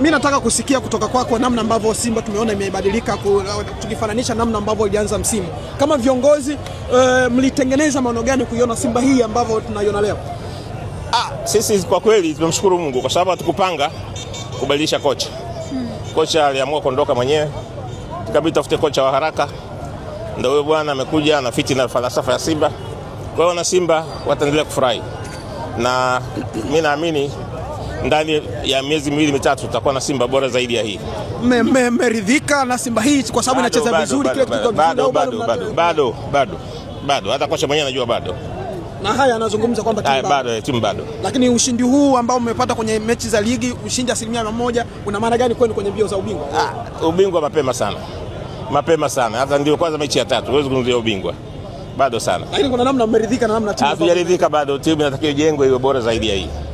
mi nataka kusikia kutoka kwako namna ambavyo Simba tumeona imebadilika, tukifananisha namna ambavyo ilianza msimu. Kama viongozi uh, mlitengeneza maono gani kuiona Simba hii ambavyo tunaiona leo? Ah, sisi kwa kweli tunamshukuru Mungu kwa sababu hatukupanga kubadilisha kocha hmm. Kocha aliamua kuondoka mwenyewe, tukabidi tafute kocha wa haraka, ndio huyo bwana amekuja fiti na falsafa ya Simba. Kwa hiyo na Simba wataendelea kufurahi na mi naamini ndani ya miezi miwili mitatu tutakuwa na Simba bora zaidi ya hii. Mmeridhika na Simba hii kwa sababu inacheza vizuri kile kitu? Bado bado bado bado bado, hata kocha mwenyewe anajua bado na haya anazungumza kwamba timu bado, timu bado. Lakini ushindi huu ambao umepata kwenye mechi za ligi, ushindi asilimia mia moja, una maana gani kwenu kwenye mbio za ubingwa? Ah, ubingwa mapema sana, mapema sana, hata ndio kwanza mechi ya tatu, huwezi kunuia ubingwa bado sana. Lakini kuna namna mmeridhika na namna timu hatujaridhika bado, timu inatakiwa ijengwe iwe bora zaidi ya hii.